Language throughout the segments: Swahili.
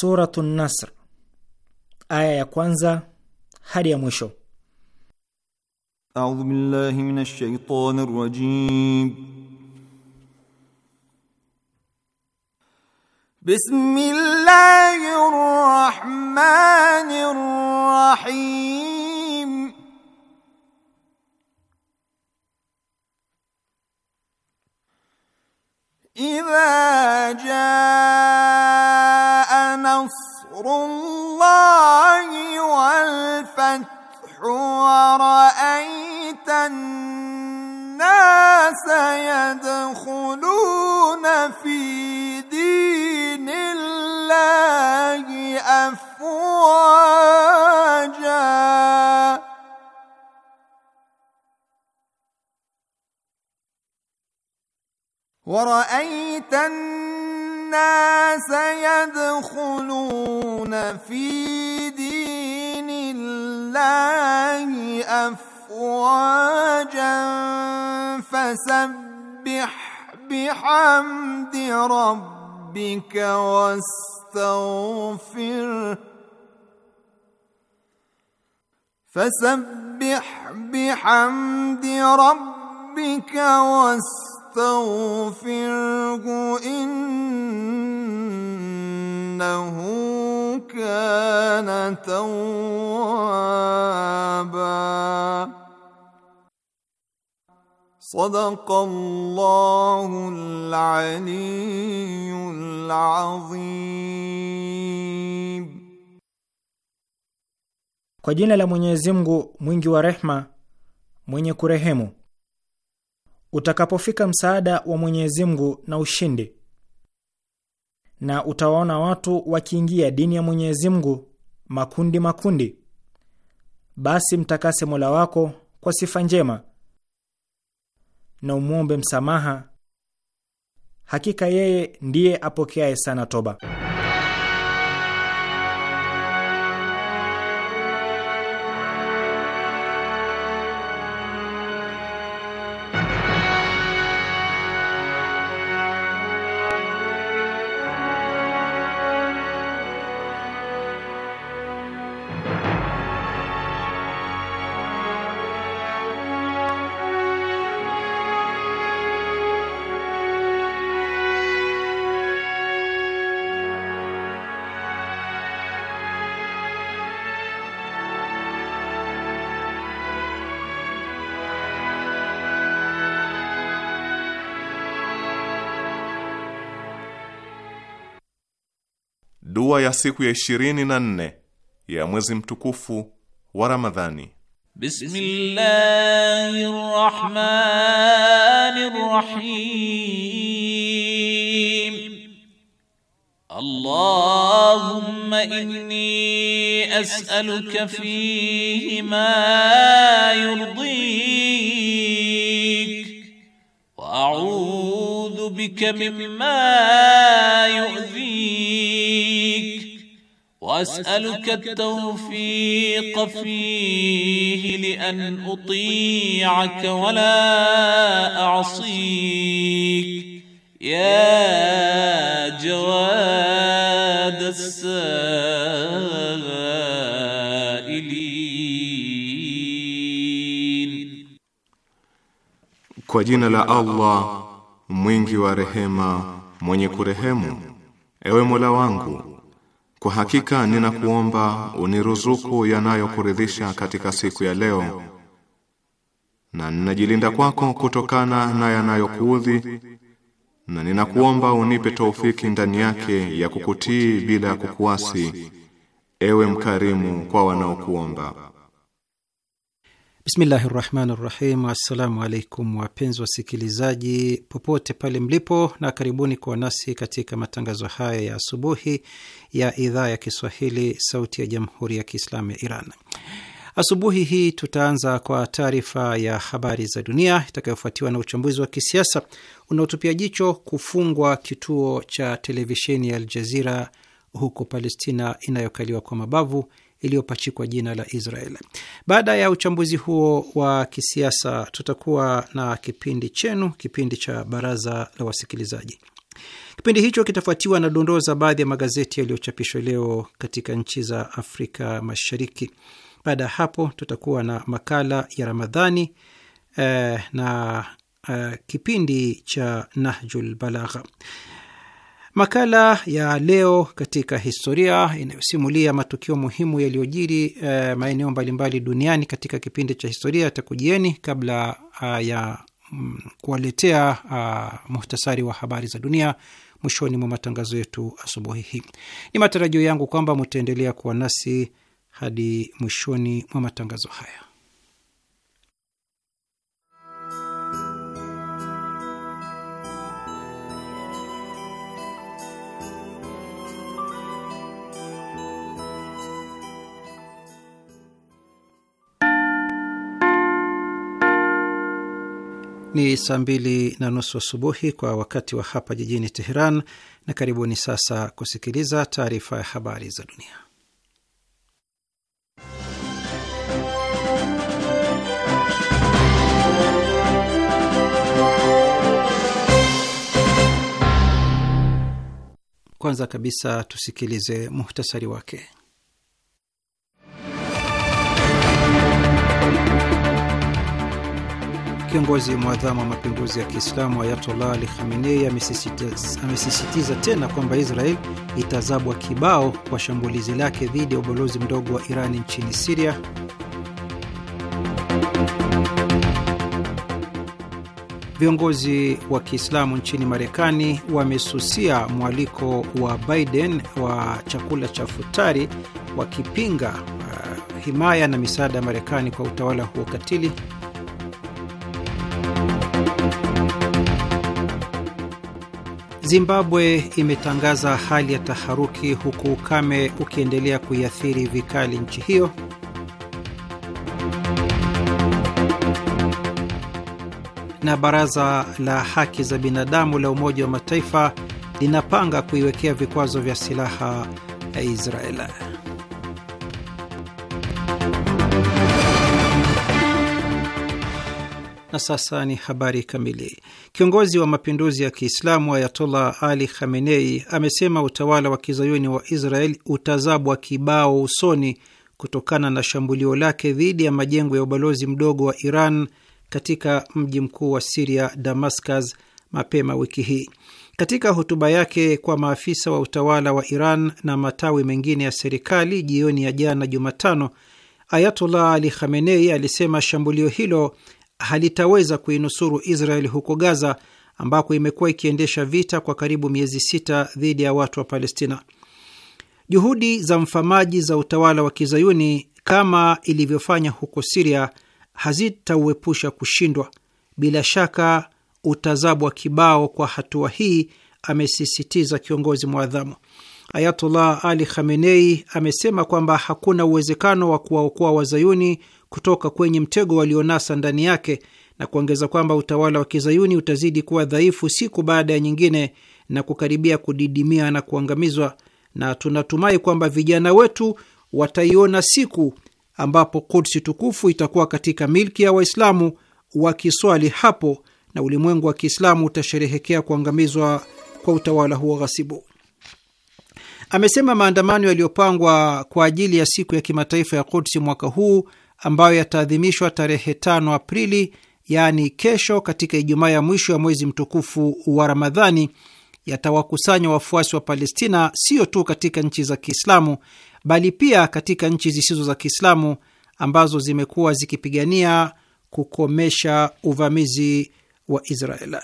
Suratu Nasr aya ya kwanza hadi ya mwisho. A'udhu billahi minash shaitanir rajim. Bismillahir rahmanir rahim. إذا جاء نصر الله والفتح ورأيت الناس يدخلون في دين الله أفواجا ورأيت الناس الناس يدخلون في دين الله أفواجا فسبح بحمد ربك واستغفر فسبح بحمد ربك واستغفر فاستغفره كان توابا صدق الله العلي العظيم Kwa jina la Mwenyezi Mungu mwingi wa rehma mwenye kurehemu utakapofika msaada wa Mwenyezi Mungu na ushindi, na utawaona watu wakiingia dini ya Mwenyezi Mungu makundi makundi, basi mtakase Mola wako kwa sifa njema na umwombe msamaha, hakika yeye ndiye apokeaye sana toba. ya siku ya 24 ya mwezi mtukufu wa Ramadhani. Bismillahir Rahmanir Rahim. Allahumma inni as'aluka fihi ma yurdik wa a'udhu bika mimma واسالك التوفيق فيه لان اطيعك ولا اعصيك يا جواد السائلين كوجين لا الله موينجي ورحمه مونيكو رحمه ايوه مولا وانكو Kwa hakika ninakuomba uniruzuku yanayokuridhisha katika siku ya leo, na ninajilinda kwako kutokana na yanayokuudhi, na ninakuomba unipe taufiki ndani yake ya kukutii bila ya kukuasi, ewe mkarimu kwa wanaokuomba. Bismillahi rahmani rahim. Assalamu alaikum wapenzi wasikilizaji popote pale mlipo, na karibuni kuwa nasi katika matangazo haya ya asubuhi ya idhaa ya Kiswahili, Sauti ya Jamhuri ya Kiislamu ya Iran. Asubuhi hii tutaanza kwa taarifa ya habari za dunia itakayofuatiwa na uchambuzi wa kisiasa unaotupia jicho kufungwa kituo cha televisheni ya Aljazira huko Palestina inayokaliwa kwa mabavu iliyopachikwa jina la Israel. Baada ya uchambuzi huo wa kisiasa, tutakuwa na kipindi chenu, kipindi cha baraza la wasikilizaji. Kipindi hicho kitafuatiwa na dondoo za baadhi ya magazeti yaliyochapishwa leo katika nchi za Afrika Mashariki. Baada ya hapo, tutakuwa na makala ya Ramadhani eh, na eh, kipindi cha Nahjul Balagha. Makala ya leo katika historia inayosimulia matukio muhimu yaliyojiri eh, maeneo mbalimbali duniani katika kipindi cha historia yatakujieni kabla ah, ya Mm, kuwaletea uh, muhtasari wa habari za dunia mwishoni mwa matangazo yetu asubuhi hii. Ni matarajio yangu kwamba mutaendelea kuwa nasi hadi mwishoni mwa matangazo haya. Ni saa mbili na nusu asubuhi kwa wakati wa hapa jijini Teheran, na karibuni sasa kusikiliza taarifa ya habari za dunia. Kwanza kabisa tusikilize muhtasari wake. Kiongozi mwadhamu wa mapinduzi ya Kiislamu Ayatollah Ali Khamenei amesisitiza tena kwamba Israel itazabwa kibao kwa shambulizi lake dhidi ya ubalozi mdogo wa Irani nchini Siria. Viongozi wa Kiislamu nchini Marekani wamesusia mwaliko wa Biden wa chakula cha futari wakipinga uh, himaya na misaada ya Marekani kwa utawala huo katili. Zimbabwe imetangaza hali ya taharuki huku ukame ukiendelea kuiathiri vikali nchi hiyo. Na baraza la haki za binadamu la Umoja wa Mataifa linapanga kuiwekea vikwazo vya silaha ya Israeli. Na sasa ni habari kamili. Kiongozi wa mapinduzi ya Kiislamu Ayatollah Ali Khamenei amesema utawala wa kizayuni wa Israel utazabwa kibao usoni kutokana na shambulio lake dhidi ya majengo ya ubalozi mdogo wa Iran katika mji mkuu wa Siria, Damascus, mapema wiki hii. Katika hotuba yake kwa maafisa wa utawala wa Iran na matawi mengine ya serikali jioni ya jana Jumatano, Ayatollah Ali Khamenei alisema shambulio hilo halitaweza kuinusuru Israeli huko Gaza ambako imekuwa ikiendesha vita kwa karibu miezi sita dhidi ya watu wa Palestina. Juhudi za mfamaji za utawala wa kizayuni kama ilivyofanya huko Siria hazitauepusha kushindwa. Bila shaka utazabwa kibao kwa hatua hii, amesisitiza kiongozi mwadhamu Ayatullah Ali Khamenei. Amesema kwamba hakuna uwezekano wa kuwaokoa wazayuni kutoka kwenye mtego walionasa ndani yake na kuongeza kwamba utawala wa kizayuni utazidi kuwa dhaifu siku baada ya nyingine na kukaribia kudidimia na kuangamizwa, na tunatumai kwamba vijana wetu wataiona siku ambapo Kudsi tukufu itakuwa katika milki ya Waislamu wakiswali hapo na ulimwengu wa Kiislamu utasherehekea kuangamizwa kwa utawala huo ghasibu. Amesema maandamano yaliyopangwa kwa ajili ya siku ya kimataifa ya Kudsi mwaka huu ambayo yataadhimishwa tarehe 5 Aprili, yaani kesho, katika Ijumaa ya mwisho ya mwezi mtukufu wa Ramadhani, yatawakusanya wafuasi wa Palestina sio tu katika nchi za Kiislamu bali pia katika nchi zisizo za Kiislamu ambazo zimekuwa zikipigania kukomesha uvamizi wa Israeli.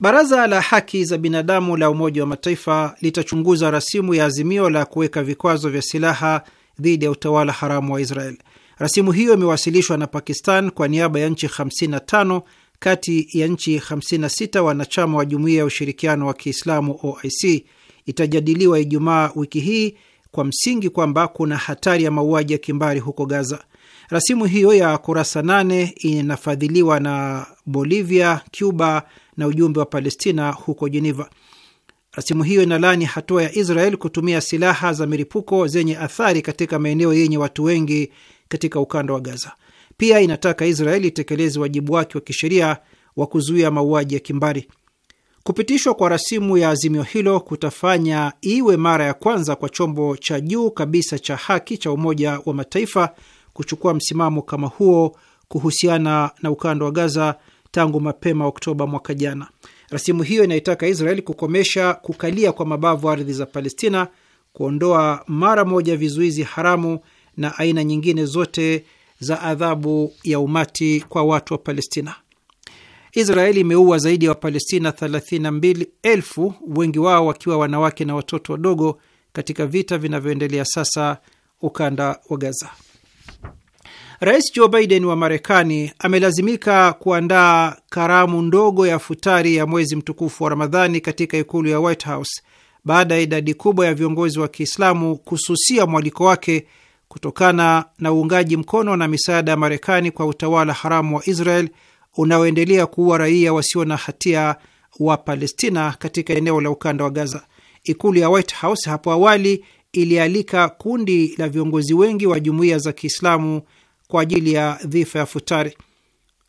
Baraza la haki za binadamu la Umoja wa Mataifa litachunguza rasimu ya azimio la kuweka vikwazo vya silaha dhidi ya utawala haramu wa Israel. Rasimu hiyo imewasilishwa na Pakistan kwa niaba ya nchi 55 kati ya nchi 56 wanachama wa Jumuiya ya Ushirikiano wa Kiislamu OIC. Itajadiliwa Ijumaa wiki hii kwa msingi kwamba kuna hatari ya mauaji ya kimbari huko Gaza. Rasimu hiyo ya kurasa 8 inafadhiliwa na Bolivia, Cuba, na ujumbe wa Palestina huko Jeneva. Rasimu hiyo inalaani hatua ya Israel kutumia silaha za milipuko zenye athari katika maeneo yenye watu wengi katika ukanda wa Gaza. Pia inataka Israel itekeleze wajibu wake wa kisheria wa kuzuia mauaji ya kimbari. Kupitishwa kwa rasimu ya azimio hilo kutafanya iwe mara ya kwanza kwa chombo cha juu kabisa cha haki cha Umoja wa Mataifa kuchukua msimamo kama huo kuhusiana na ukanda wa Gaza tangu mapema Oktoba mwaka jana. Rasimu hiyo inaitaka Israeli kukomesha kukalia kwa mabavu ardhi za Palestina, kuondoa mara moja vizuizi haramu na aina nyingine zote za adhabu ya umati kwa watu wa Palestina. Israeli imeua zaidi ya wa Wapalestina 32,000 wengi wao wakiwa wanawake na watoto wadogo katika vita vinavyoendelea sasa ukanda wa Gaza. Rais Joe Biden wa Marekani amelazimika kuandaa karamu ndogo ya futari ya mwezi mtukufu wa Ramadhani katika ikulu ya White House baada ya idadi kubwa ya viongozi wa Kiislamu kususia mwaliko wake kutokana na uungaji mkono na misaada ya Marekani kwa utawala haramu wa Israel unaoendelea kuua raia wasio na hatia wa Palestina katika eneo la ukanda wa Gaza. Ikulu ya White House hapo awali ilialika kundi la viongozi wengi wa jumuiya za Kiislamu kwa ajili ya dhifa ya futari,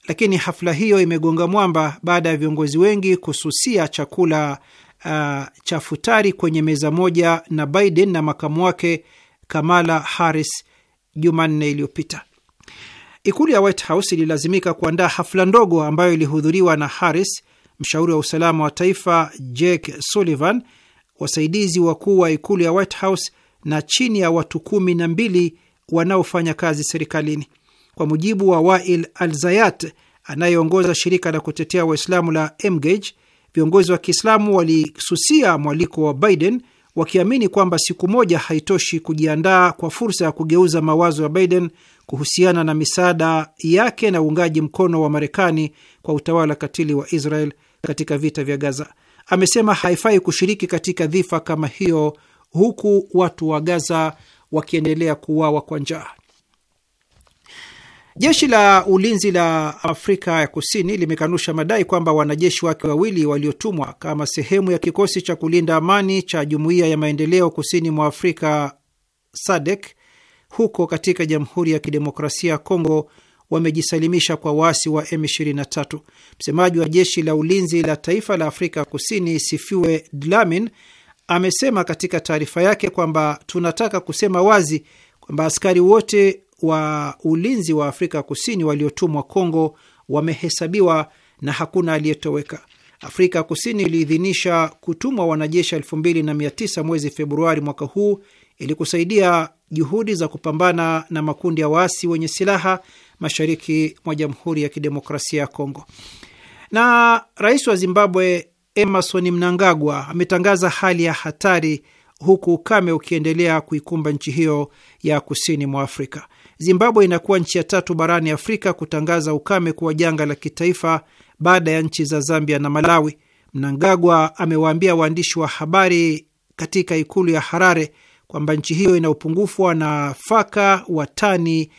lakini hafla hiyo imegonga mwamba baada ya viongozi wengi kususia chakula uh, cha futari kwenye meza moja na Biden na makamu wake Kamala Harris Jumanne iliyopita. Ikulu ya White House ililazimika kuandaa hafla ndogo ambayo ilihudhuriwa na Harris, mshauri wa usalama wa taifa Jake Sullivan, wasaidizi wakuu wa ikulu ya White House na chini ya watu kumi na mbili wanaofanya kazi serikalini. Kwa mujibu wa Wail Alzayat anayeongoza shirika la kutetea Waislamu la Mgage, viongozi wa Kiislamu walisusia mwaliko wa Biden wakiamini kwamba siku moja haitoshi kujiandaa kwa fursa ya kugeuza mawazo ya Biden kuhusiana na misaada yake na uungaji mkono wa Marekani kwa utawala katili wa Israel katika vita vya Gaza. Amesema haifai kushiriki katika dhifa kama hiyo, huku watu wa Gaza wakiendelea kuuawa kwa njaa. Jeshi la ulinzi la Afrika ya Kusini limekanusha madai kwamba wanajeshi wake wawili waliotumwa kama sehemu ya kikosi cha kulinda amani cha Jumuiya ya Maendeleo Kusini mwa Afrika SADC huko katika Jamhuri ya Kidemokrasia ya Kongo wamejisalimisha kwa waasi wa M23. Msemaji wa jeshi la ulinzi la taifa la Afrika Kusini Sifiwe Dlamini amesema katika taarifa yake kwamba tunataka kusema wazi kwamba askari wote wa ulinzi wa Afrika Kusini waliotumwa Kongo wamehesabiwa na hakuna aliyetoweka. Afrika Kusini iliidhinisha kutumwa wanajeshi 29 mwezi Februari mwaka huu ili kusaidia juhudi za kupambana na makundi ya waasi wenye silaha mashariki mwa Jamhuri ya Kidemokrasia ya Kongo. Na rais wa Zimbabwe Emerson Mnangagwa ametangaza hali ya hatari huku ukame ukiendelea kuikumba nchi hiyo ya kusini mwa Afrika. Zimbabwe inakuwa nchi ya tatu barani Afrika kutangaza ukame kuwa janga la kitaifa baada ya nchi za Zambia na Malawi. Mnangagwa amewaambia waandishi wa habari katika ikulu ya Harare kwamba nchi hiyo ina upungufu wa nafaka wa tani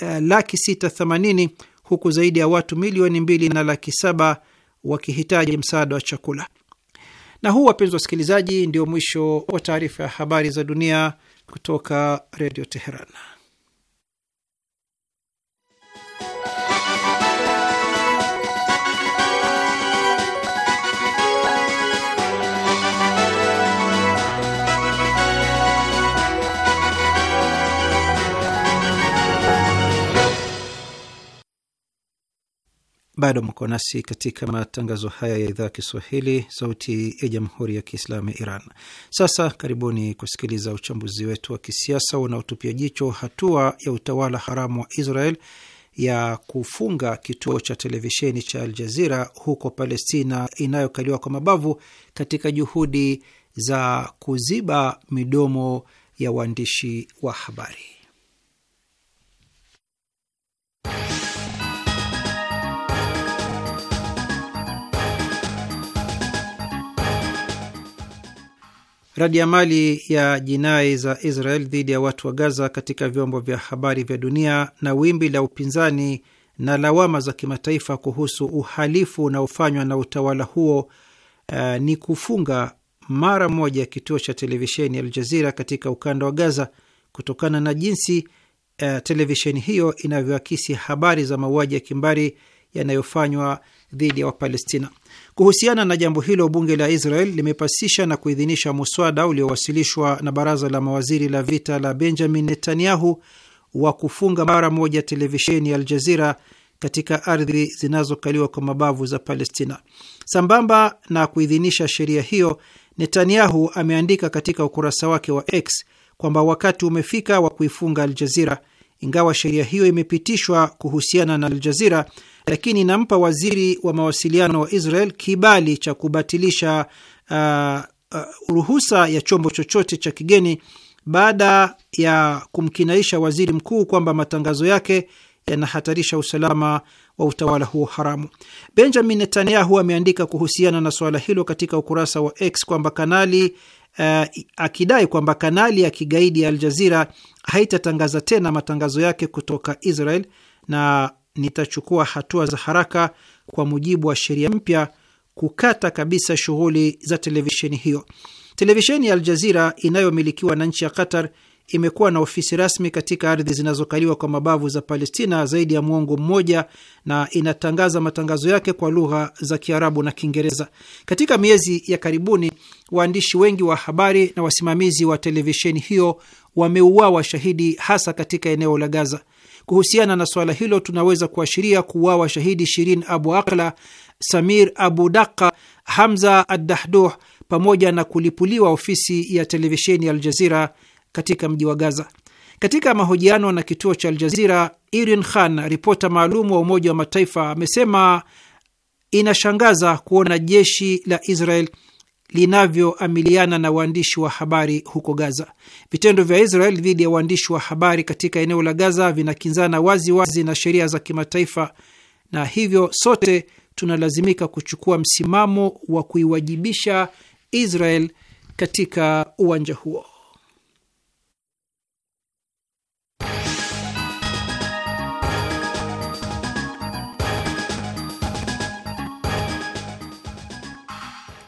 eh, laki sita themanini huku zaidi ya watu milioni mbili na laki saba wakihitaji msaada wa chakula. Na huu, wapenzi wasikilizaji, ndio mwisho wa taarifa ya habari za dunia kutoka Redio Teheran. Bado mko nasi katika matangazo haya ya idhaa ya Kiswahili, sauti ya jamhuri ya kiislamu ya Iran. Sasa karibuni kusikiliza uchambuzi wetu wa kisiasa unaotupia jicho hatua ya utawala haramu wa Israel ya kufunga kituo cha televisheni cha Al Jazira huko Palestina inayokaliwa kwa mabavu katika juhudi za kuziba midomo ya waandishi wa habari. Radiamali ya jinai za Israel dhidi ya watu wa Gaza katika vyombo vya habari vya dunia na wimbi la upinzani na lawama za kimataifa kuhusu uhalifu unaofanywa na utawala huo uh, ni kufunga mara moja ya kituo cha televisheni Al Jazira katika ukanda wa Gaza kutokana na jinsi uh, televisheni hiyo inavyoakisi habari za mauaji ya kimbari yanayofanywa dhidi ya Wapalestina. Kuhusiana na jambo hilo, bunge la Israel limepasisha na kuidhinisha muswada uliowasilishwa na baraza la mawaziri la vita la Benjamin Netanyahu wa kufunga mara moja televisheni ya Aljazira katika ardhi zinazokaliwa kwa mabavu za Palestina. Sambamba na kuidhinisha sheria hiyo, Netanyahu ameandika katika ukurasa wake wa X kwamba wakati umefika wa kuifunga Aljazira. Ingawa sheria hiyo imepitishwa kuhusiana na Aljazira, lakini inampa waziri wa mawasiliano wa Israel kibali cha kubatilisha uh, uh, ruhusa ya chombo chochote cha kigeni baada ya kumkinaisha waziri mkuu kwamba matangazo yake yanahatarisha usalama wa utawala huo haramu. Benjamin Netanyahu ameandika kuhusiana na suala hilo katika ukurasa wa X kwamba kanali uh, akidai kwamba kanali ya kigaidi ya Al Jazira haitatangaza tena matangazo yake kutoka Israel na nitachukua hatua za haraka kwa mujibu wa sheria mpya kukata kabisa shughuli za televisheni hiyo. Televisheni ya Aljazira inayomilikiwa na nchi ya Qatar imekuwa na ofisi rasmi katika ardhi zinazokaliwa kwa mabavu za Palestina zaidi ya mwongo mmoja na inatangaza matangazo yake kwa lugha za Kiarabu na Kiingereza. Katika miezi ya karibuni, waandishi wengi wa habari na wasimamizi wa televisheni hiyo wameuawa shahidi, hasa katika eneo la Gaza. Kuhusiana na swala hilo, tunaweza kuashiria kuuawa shahidi Shirin Abu Akla, Samir Abu Daqa, Hamza Addahduh pamoja na kulipuliwa ofisi ya televisheni ya Aljazira katika mji wa Gaza. Katika mahojiano na kituo cha Aljazira, Irin Khan, ripota maalum wa Umoja wa Mataifa, amesema inashangaza kuona jeshi la Israel linavyoamiliana na waandishi wa habari huko Gaza. Vitendo vya Israel dhidi ya waandishi wa habari katika eneo la Gaza vinakinzana wazi wazi na sheria za kimataifa, na hivyo sote tunalazimika kuchukua msimamo wa kuiwajibisha Israel katika uwanja huo.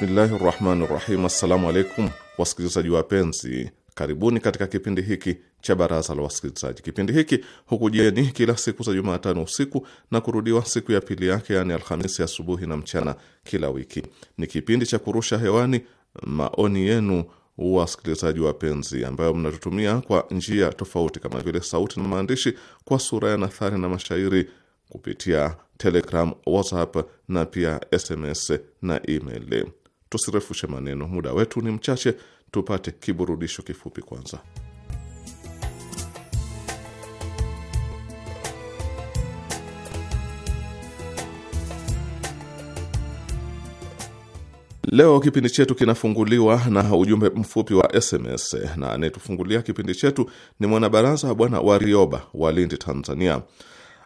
Bismillahi rahmani rahim. Assalamu alaikum wasikilizaji wapenzi, karibuni katika kipindi hiki cha baraza la wasikilizaji. Kipindi hiki hukujieni kila siku za Jumatano usiku na kurudiwa siku ya pili yake, yaani Alhamisi asubuhi ya na mchana kila wiki. Ni kipindi cha kurusha hewani maoni yenu wasikilizaji wapenzi, ambayo mnatutumia kwa njia tofauti kama vile sauti na maandishi, kwa sura ya nathari na mashairi kupitia Telegram, WhatsApp na pia SMS na email. Tusirefushe maneno, muda wetu ni mchache, tupate kiburudisho kifupi kwanza. Leo kipindi chetu kinafunguliwa na ujumbe mfupi wa SMS na anayetufungulia kipindi chetu ni mwanabaraza Bwana Warioba wa Lindi, Tanzania.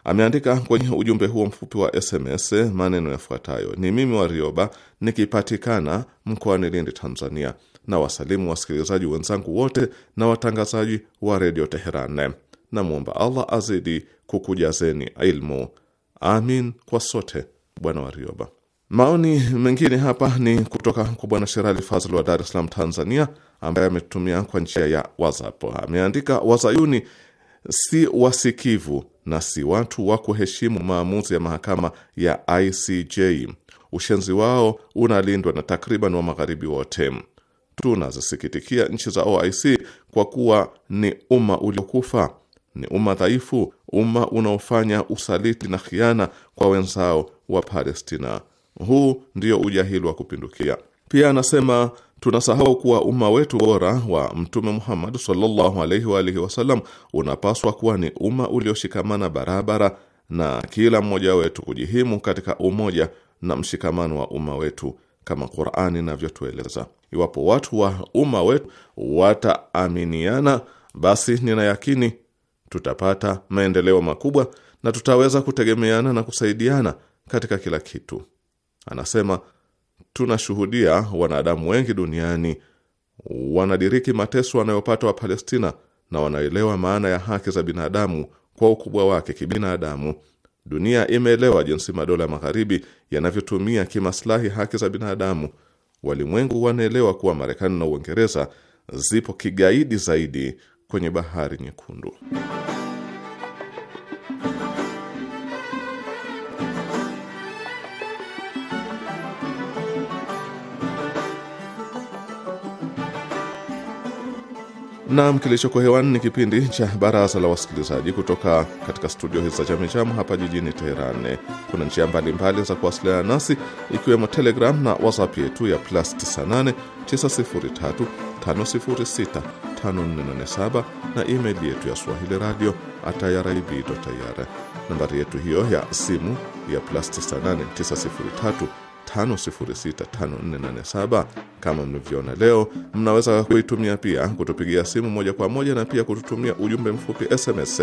Ameandika kwenye ujumbe huo mfupi wa SMS maneno yafuatayo: ni mimi Warioba nikipatikana mkoani Lindi, Tanzania, na wasalimu wasikilizaji wenzangu wote na watangazaji wa redio Teheran. Namwomba Allah azidi kukujazeni ilmu, amin kwa sote, Bwana Rioba. Maoni mengine hapa ni kutoka kwa Bwana Sherali Fazl wa Dar es Salaam, Tanzania, ambaye ametumia kwa njia ya WhatsApp. Ameandika wazayuni si wasikivu na si watu wa kuheshimu maamuzi ya mahakama ya ICJ. Ushenzi wao unalindwa na takriban wa magharibi wote. Tunazisikitikia nchi za OIC kwa kuwa ni umma uliokufa, ni umma dhaifu, umma unaofanya usaliti na khiana kwa wenzao wa Palestina. Huu ndio ujahili wa kupindukia. Pia anasema tunasahau kuwa umma wetu bora wa Mtume Muhammad sallallahu alaihi wa alihi wasallam unapaswa kuwa ni umma ulioshikamana barabara na kila mmoja wetu kujihimu katika umoja na mshikamano wa umma wetu kama Qur'ani inavyotueleza. Iwapo watu wa umma wetu wataaminiana, basi nina yakini tutapata maendeleo makubwa na tutaweza kutegemeana na kusaidiana katika kila kitu. Anasema tunashuhudia wanadamu wengi duniani wanadiriki mateso wanayopata Wapalestina na wanaelewa maana ya haki za binadamu kwa ukubwa wake kibinadamu. Dunia imeelewa jinsi madola magharibi yanavyotumia kimaslahi haki za binadamu. Walimwengu wanaelewa kuwa Marekani na Uingereza zipo kigaidi zaidi kwenye bahari nyekundu. Naam, kilichoko hewani ni kipindi cha baraza la wasikilizaji kutoka katika studio hizi za Chamichamu hapa jijini Teheran. Kuna njia mbalimbali za kuwasiliana nasi ikiwemo Telegram na WhatsApp yetu ya plus 98 na email yetu ya swahili radio irib.ir. Nambari yetu hiyo ya simu ya plus 98 5065487. Kama mlivyoona leo, mnaweza kuitumia pia kutupigia simu moja kwa moja na pia kututumia ujumbe mfupi SMS,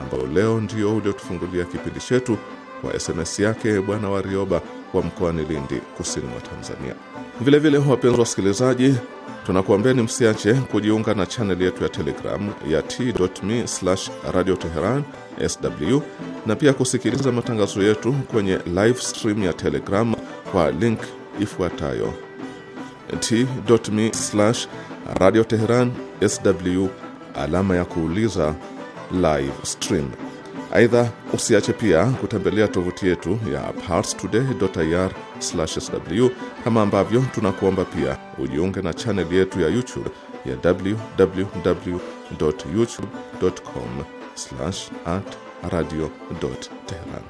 ambao leo ndio uliotufungulia kipindi chetu kwa SMS yake Bwana Warioba wa mkoani Lindi, kusini mwa Tanzania. Vilevile wapenzi wasikilizaji, tunakuambeni msiache kujiunga na chaneli yetu ya Telegram ya t.me radio Teheran sw na pia kusikiliza matangazo yetu kwenye live stream ya Telegram kwa link ifuatayo t.me radio Teheran sw alama ya kuuliza live stream. Aidha, usiache pia kutembelea tovuti yetu ya parstoday.ir/sw, kama ambavyo tunakuomba pia ujiunge na chaneli yetu ya YouTube ya www.youtube.com/radio Teheran.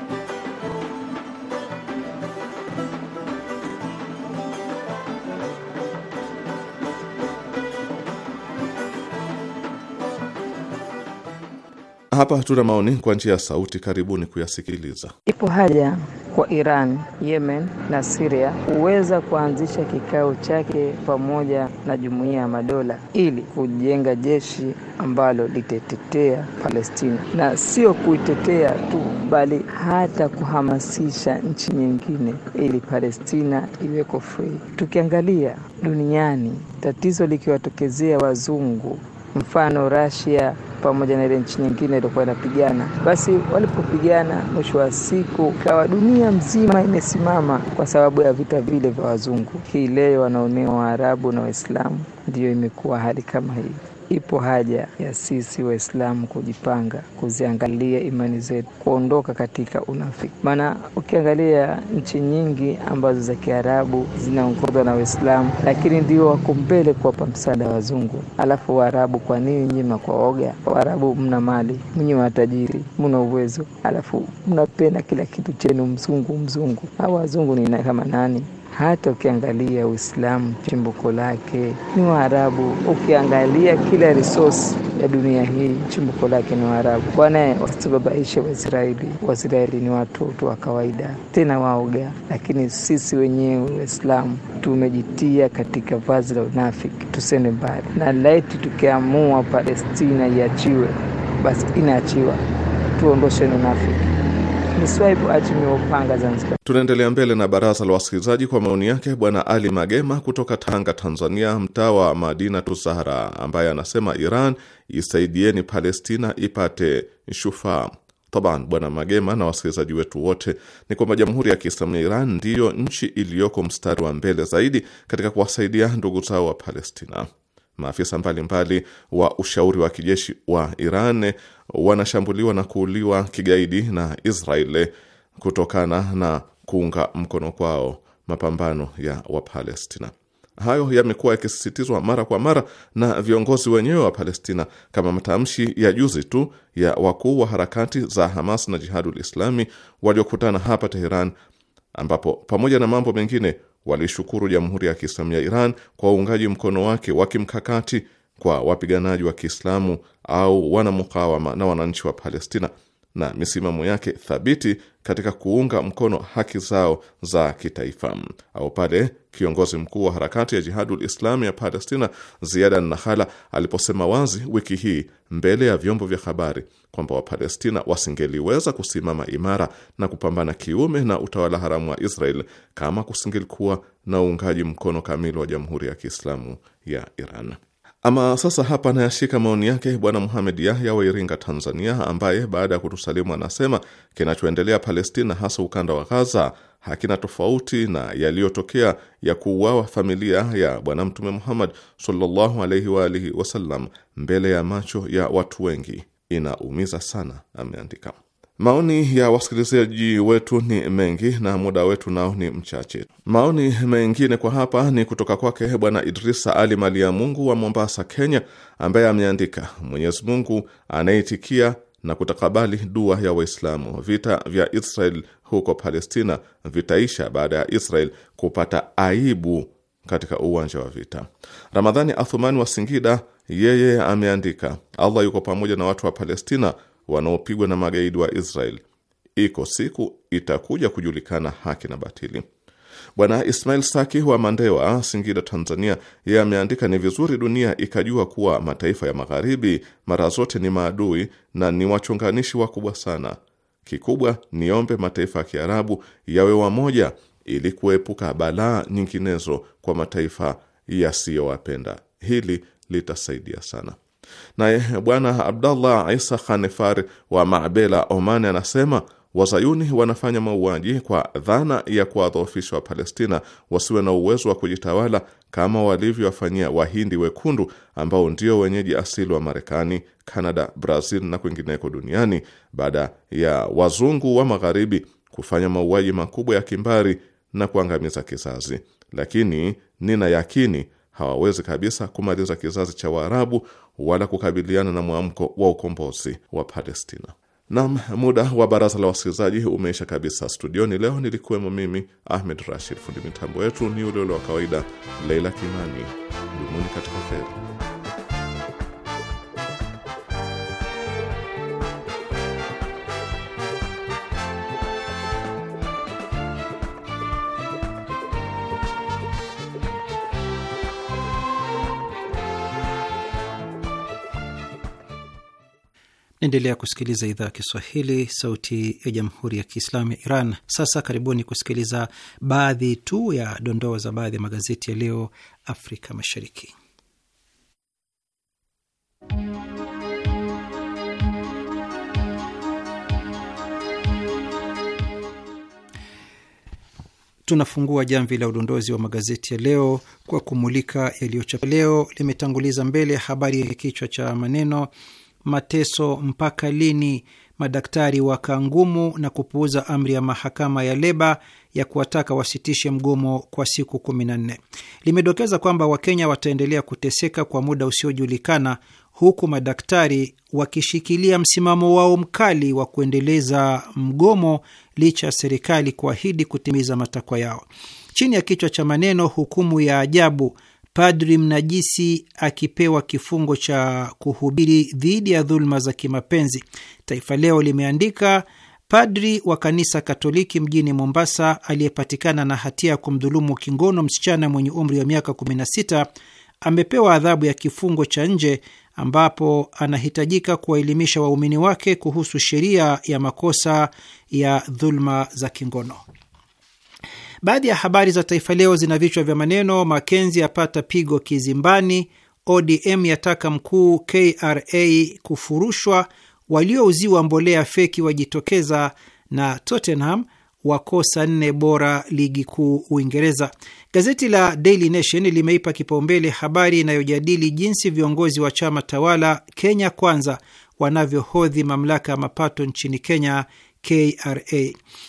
Hapa tuna maoni kwa njia ya sauti, karibuni kuyasikiliza. Ipo haja kwa Iran, Yemen na Siria huweza kuanzisha kikao chake pamoja na jumuiya ya madola ili kujenga jeshi ambalo litatetea Palestina na sio kuitetea tu, bali hata kuhamasisha nchi nyingine ili Palestina iweko free. Tukiangalia duniani, tatizo likiwatokezea wazungu, mfano Russia pamoja na ile nchi nyingine ilikuwa inapigana. Basi walipopigana, mwisho wa siku kawa dunia mzima imesimama kwa sababu ya vita vile vya wazungu. Hii leo wanaonewa Waarabu na Waislamu, ndiyo imekuwa hali kama hii. Ipo haja ya sisi Waislamu kujipanga, kuziangalia imani zetu, kuondoka katika unafiki. Maana ukiangalia nchi nyingi ambazo za Kiarabu zinaongozwa na Waislamu, lakini ndio wako mbele kuwapa msaada wa wazungu. Alafu Waarabu, kwa nini nyima kwa oga Waarabu mna mali, mwenye watajiri, mna uwezo, alafu mnapenda kila kitu chenu mzungu mzungu. Hawa wazungu ni kama nani? Hata ukiangalia Uislamu chimbuko lake ni Waarabu. Ukiangalia kila resource ya dunia hii chimbuko lake ni Waarabu. Bwana wasibabaishe Waisraeli. Waisraeli ni watoto wa kawaida, tena waoga, lakini sisi wenyewe Waislamu tumejitia katika vazi la unafiki. Tusende mbali na laiti, tukiamua Palestina iachiwe, basi inaachiwa, tuondoshe unafiki ni Zanzibar. Tunaendelea mbele na baraza la wasikilizaji kwa maoni yake Bwana Ali Magema kutoka Tanga, Tanzania, mtaa wa Madina tu ambaye anasema Iran isaidieni Palestina ipate shufaa. Taban, Bwana Magema na wasikilizaji wetu wote, ni kwamba Jamhuri ya Kiislamu ya Iran ndiyo nchi iliyoko mstari wa mbele zaidi katika kuwasaidia ndugu zao wa Palestina. Maafisa mbalimbali wa ushauri wa kijeshi wa Iran wanashambuliwa na kuuliwa kigaidi na Israeli kutokana na kuunga mkono kwao mapambano ya Wapalestina. Hayo yamekuwa yakisisitizwa mara kwa mara na viongozi wenyewe wa Palestina, kama matamshi ya juzi tu ya wakuu wa harakati za Hamas na Jihadul Islami waliokutana hapa Teheran, ambapo pamoja na mambo mengine walishukuru Jamhuri ya Kiislamu ya Iran kwa uungaji mkono wake wa kimkakati kwa wapiganaji wa Kiislamu au wanamukawama na wananchi wa Palestina na misimamo yake thabiti katika kuunga mkono haki zao za kitaifa, au pale kiongozi mkuu wa harakati ya Jihadul Islami ya Palestina Ziada Nahala aliposema wazi wiki hii mbele ya vyombo vya habari kwamba Wapalestina wasingeliweza kusimama imara na kupambana kiume na utawala haramu wa Israel kama kusingelikuwa na uungaji mkono kamili wa Jamhuri ya Kiislamu ya Iran. Ama sasa hapa anayashika maoni yake Bwana Muhamed Yahya wa Iringa, Tanzania, ambaye baada ya kutusalimu anasema kinachoendelea Palestina, hasa ukanda wa Ghaza, hakina tofauti na yaliyotokea ya kuuawa familia ya Bwana Mtume Muhammad sallallahu alaihi wa alihi wasallam mbele ya macho ya watu wengi. Inaumiza sana, ameandika. Maoni ya wasikilizaji wetu ni mengi na muda wetu nao ni mchache. Maoni mengine kwa hapa ni kutoka kwake Bwana Idrisa Ali mali ya Mungu wa Mombasa, Kenya, ambaye ameandika: Mwenyezi Mungu anayeitikia na kutakabali dua ya Waislamu. Vita vya Israel huko Palestina vitaisha baada ya Israel kupata aibu katika uwanja wa vita. Ramadhani Athumani wa Singida yeye ameandika: Allah yuko pamoja na watu wa Palestina wanaopigwa na magaidi wa Israel, iko siku itakuja kujulikana haki na batili. Bwana Ismail Saki wa Mandewa, Singida, Tanzania, yeye ameandika ni vizuri dunia ikajua kuwa mataifa ya magharibi mara zote ni maadui na ni wachonganishi wakubwa sana. Kikubwa niombe mataifa ya Kiarabu yawe wamoja ili kuepuka balaa nyinginezo kwa mataifa yasiyowapenda. Hili litasaidia sana. Naye bwana Abdallah Isa Khanefar wa Mabela, Oman, anasema wazayuni wanafanya mauaji kwa dhana ya kuwadhoofisha Wapalestina wasiwe na uwezo wa kujitawala kama walivyowafanyia wahindi wekundu ambao ndio wenyeji asili wa Marekani, Kanada, Brazil na kwingineko duniani baada ya wazungu wa magharibi kufanya mauaji makubwa ya kimbari na kuangamiza kizazi. Lakini nina yakini hawawezi kabisa kumaliza kizazi cha Waarabu wala kukabiliana na mwamko wa ukombozi wa Palestina. Nam, muda wa baraza la wasikilizaji umeisha kabisa. Studioni leo nilikuwemo mimi Ahmed Rashid, fundi mitambo yetu ni ule ule wa kawaida, Leila Kimani. Dumuni katika heri. Naendelea kusikiliza idhaa ya Kiswahili, sauti ya jamhuri ya kiislamu ya Iran. Sasa karibuni kusikiliza baadhi tu ya dondoo za baadhi ya magazeti ya leo Afrika Mashariki. Tunafungua jamvi la udondozi wa magazeti ya leo kwa kumulika yaliyochapwa leo. Limetanguliza mbele habari ya kichwa cha maneno mateso mpaka lini? Madaktari wakaa ngumu na kupuuza amri ya mahakama ya leba ya kuwataka wasitishe mgomo kwa siku kumi na nne. Limedokeza kwamba Wakenya wataendelea kuteseka kwa muda usiojulikana huku madaktari wakishikilia msimamo wao mkali wa kuendeleza mgomo licha ya serikali kuahidi kutimiza matakwa yao. Chini ya kichwa cha maneno hukumu ya ajabu, padri mnajisi akipewa kifungo cha kuhubiri dhidi ya dhuluma za kimapenzi. Taifa Leo limeandika padri wa kanisa Katoliki mjini Mombasa aliyepatikana na hatia ya kumdhulumu kingono msichana mwenye umri wa miaka 16 amepewa adhabu ya kifungo cha nje ambapo anahitajika kuwaelimisha waumini wake kuhusu sheria ya makosa ya dhuluma za kingono. Baadhi ya habari za Taifa Leo zina vichwa vya maneno: Makenzi apata pigo kizimbani, ODM yataka mkuu KRA kufurushwa, waliouziwa mbolea feki wajitokeza, na Tottenham wakosa nne bora ligi kuu Uingereza. Gazeti la Daily Nation limeipa kipaumbele habari inayojadili jinsi viongozi wa chama tawala Kenya Kwanza wanavyohodhi mamlaka ya mapato nchini Kenya KRA.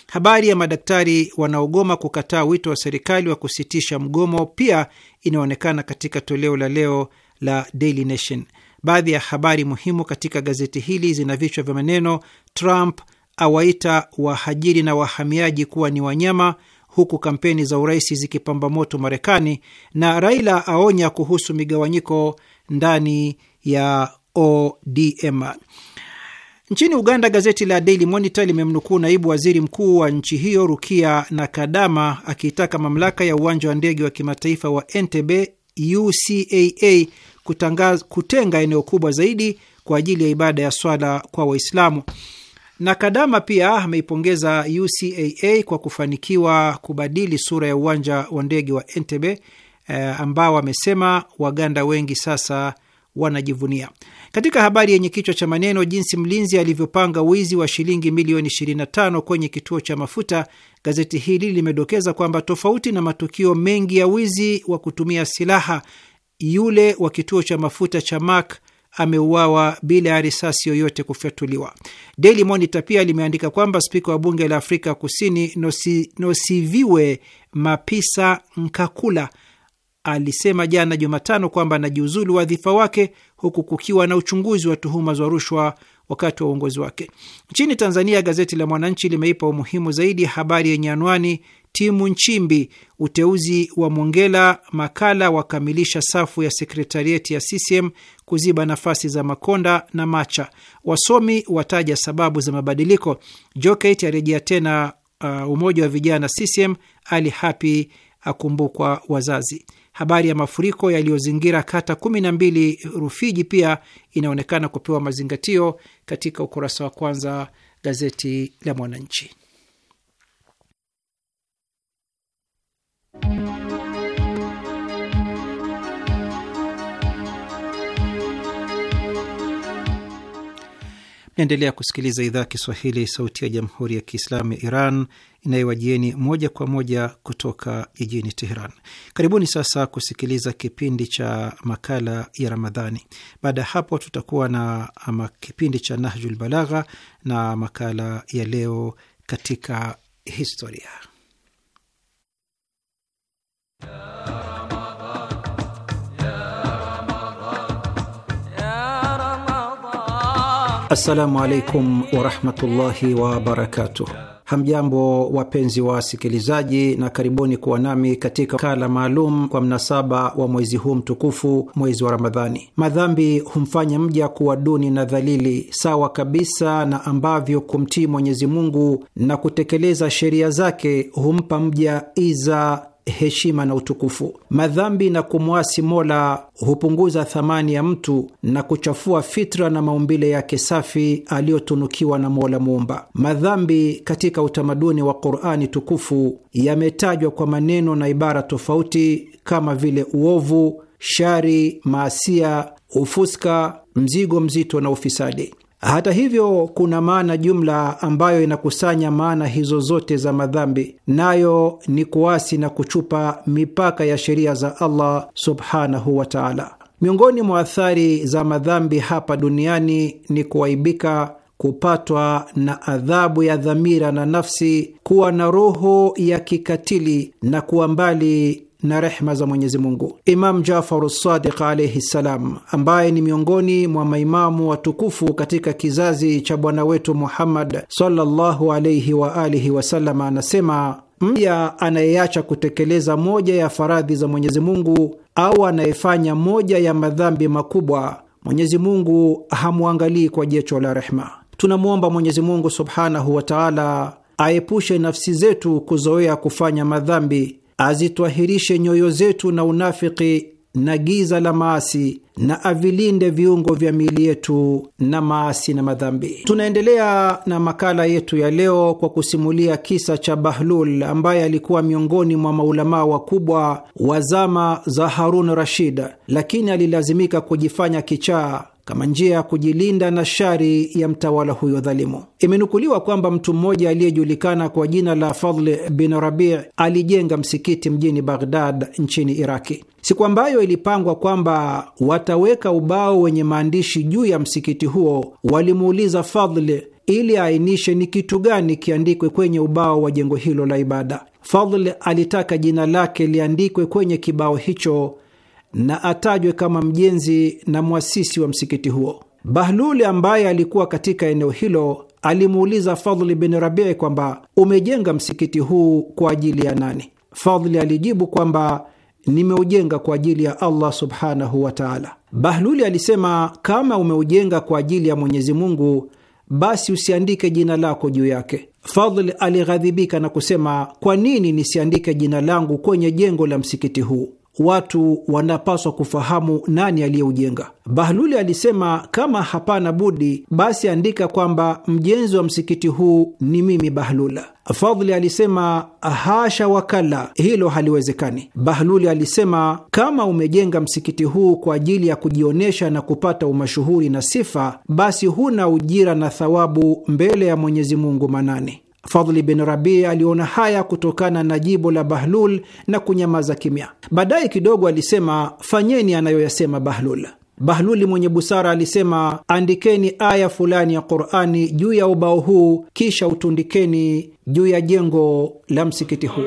Habari ya madaktari wanaogoma kukataa wito wa serikali wa kusitisha mgomo pia inaonekana katika toleo la leo la Daily Nation. Baadhi ya habari muhimu katika gazeti hili zina vichwa vya maneno: Trump awaita wahajiri na wahamiaji kuwa ni wanyama, huku kampeni za urais zikipamba moto Marekani, na Raila aonya kuhusu migawanyiko ndani ya ODM. Nchini Uganda, gazeti la Daily Monitor limemnukuu naibu waziri mkuu wa nchi hiyo Rukia Nakadama akiitaka mamlaka ya uwanja wa ndege wa kimataifa wa Entebbe UCAA kutangaza, kutenga eneo kubwa zaidi kwa ajili ya ibada ya swala kwa Waislamu. Nakadama pia ameipongeza UCAA kwa kufanikiwa kubadili sura ya uwanja wa ndege wa Entebbe eh, ambao amesema Waganda wengi sasa wanajivunia. Katika habari yenye kichwa cha maneno jinsi mlinzi alivyopanga wizi wa shilingi milioni 25 kwenye kituo cha mafuta, gazeti hili limedokeza kwamba tofauti na matukio mengi ya wizi wa kutumia silaha, yule wa kituo cha mafuta cha Mark ameuawa bila ya risasi yoyote kufyatuliwa. Daily Monitor pia limeandika kwamba spika wa bunge la Afrika Kusini Nosiviwe Mapisa Nkakula alisema jana Jumatano kwamba anajiuzulu wadhifa wake huku kukiwa na uchunguzi wa tuhuma za rushwa wakati wa uongozi wake. Nchini Tanzania, gazeti la Mwananchi limeipa umuhimu zaidi habari yenye anwani timu Nchimbi, uteuzi wa mwongela Makala wakamilisha safu ya sekretarieti ya CCM kuziba nafasi za Makonda na Macha, wasomi wataja sababu za mabadiliko, Jokate arejea tena uh, umoja wa vijana CCM, Ali Hapi akumbukwa wazazi. Habari ya mafuriko yaliyozingira kata kumi na mbili Rufiji pia inaonekana kupewa mazingatio katika ukurasa wa kwanza gazeti la Mwananchi. Naendelea kusikiliza idhaa Kiswahili sauti ya jamhuri ya Kiislamu ya Iran inayowajieni moja kwa moja kutoka jijini Teheran. Karibuni sasa kusikiliza kipindi cha makala ya Ramadhani. Baada ya hapo, tutakuwa na kipindi cha Nahjul Balagha na makala ya leo katika historia. Assalamu alaikum warahmatullahi wabarakatuh. Hamjambo wapenzi wa wasikilizaji, na karibuni kuwa nami katika kala maalum kwa mnasaba wa mwezi huu mtukufu, mwezi wa Ramadhani. Madhambi humfanya mja kuwa duni na dhalili, sawa kabisa na ambavyo kumtii Mwenyezi Mungu na kutekeleza sheria zake humpa mja iza heshima na utukufu. Madhambi na kumwasi Mola hupunguza thamani ya mtu na kuchafua fitra na maumbile yake safi aliyotunukiwa na Mola Muumba. Madhambi katika utamaduni wa Qurani tukufu yametajwa kwa maneno na ibara tofauti kama vile uovu, shari, maasia, ufuska, mzigo mzito na ufisadi. Hata hivyo, kuna maana jumla ambayo inakusanya maana hizo zote za madhambi, nayo ni kuasi na kuchupa mipaka ya sheria za Allah subhanahu wa taala. Miongoni mwa athari za madhambi hapa duniani ni kuaibika, kupatwa na adhabu ya dhamira na nafsi, kuwa na roho ya kikatili na kuwa mbali na rehma za Mwenyezi Mungu. Imam Jafaru Sadiq alaihi ssalam, ambaye ni miongoni mwa maimamu watukufu katika kizazi cha bwana wetu Muhammad sallallahu alaihi wa alihi wasallam, anasema mja anayeacha kutekeleza moja ya faradhi za Mwenyezi Mungu au anayefanya moja ya madhambi makubwa, Mwenyezi Mungu hamwangalii kwa jecho la rehma. Tunamwomba Mwenyezi Mungu subhanahu wa taala aepushe nafsi zetu kuzoea kufanya madhambi azitwahirishe nyoyo zetu na unafiki na giza la maasi na avilinde viungo vya miili yetu na maasi na madhambi. Tunaendelea na makala yetu ya leo kwa kusimulia kisa cha Bahlul ambaye alikuwa miongoni mwa maulamaa wakubwa wa zama za Harun Rashid, lakini alilazimika kujifanya kichaa kama njia ya kujilinda na shari ya mtawala huyo dhalimu. Imenukuliwa kwamba mtu mmoja aliyejulikana kwa jina la Fadl bin Rabi alijenga msikiti mjini Baghdad nchini Iraki. Siku ambayo ilipangwa kwamba wataweka ubao wenye maandishi juu ya msikiti huo, walimuuliza Fadl ili aainishe ni kitu gani kiandikwe kwenye ubao wa jengo hilo la ibada. Fadl alitaka jina lake liandikwe kwenye kibao hicho na atajwe kama mjenzi na mwasisi wa msikiti huo. Bahluli ambaye alikuwa katika eneo hilo alimuuliza Fadhli bin Rabii kwamba umejenga msikiti huu kwa ajili ya nani? Fadhli alijibu kwamba nimeujenga kwa ajili ya Allah subhanahu wa taala. Bahluli alisema, kama umeujenga kwa ajili ya Mwenyezi Mungu, basi usiandike jina lako juu yake. fadl alighadhibika na kusema, kwa nini nisiandike jina langu kwenye jengo la msikiti huu? watu wanapaswa kufahamu nani aliyeujenga. Bahluli alisema, kama hapana budi, basi andika kwamba mjenzi wa msikiti huu ni mimi Bahlula. Fadhli alisema, hasha wakala, hilo haliwezekani. Bahluli alisema, kama umejenga msikiti huu kwa ajili ya kujionyesha na kupata umashuhuri na sifa, basi huna ujira na thawabu mbele ya Mwenyezi Mungu manane. Fadhli bin Rabii aliona haya kutokana na jibu la Bahlul na kunyamaza kimya. Baadaye kidogo alisema, fanyeni anayoyasema Bahlul. Bahluli mwenye busara alisema, andikeni aya fulani ya Qurani juu ya ubao huu, kisha utundikeni juu ya jengo la msikiti huu.